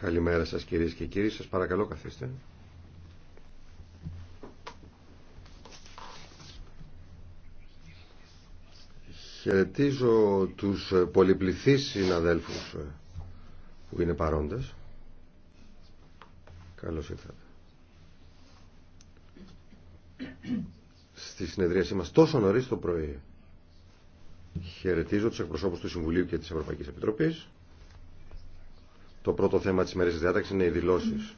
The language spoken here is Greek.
Καλημέρα σας κυρίες και κύριοι. Σας παρακαλώ καθίστε. Χαιρετίζω τους πολυπληθείς συναδέλφους που είναι παρόντες. Καλώς ήρθατε. Στη συνεδρίασή μας τόσο νωρίς το πρωί χαιρετίζω τους εκπροσώπους του Συμβουλίου και της Ευρωπαϊκής Επιτροπής το πρώτο θέμα της της διάταξης είναι οι δηλώσεις.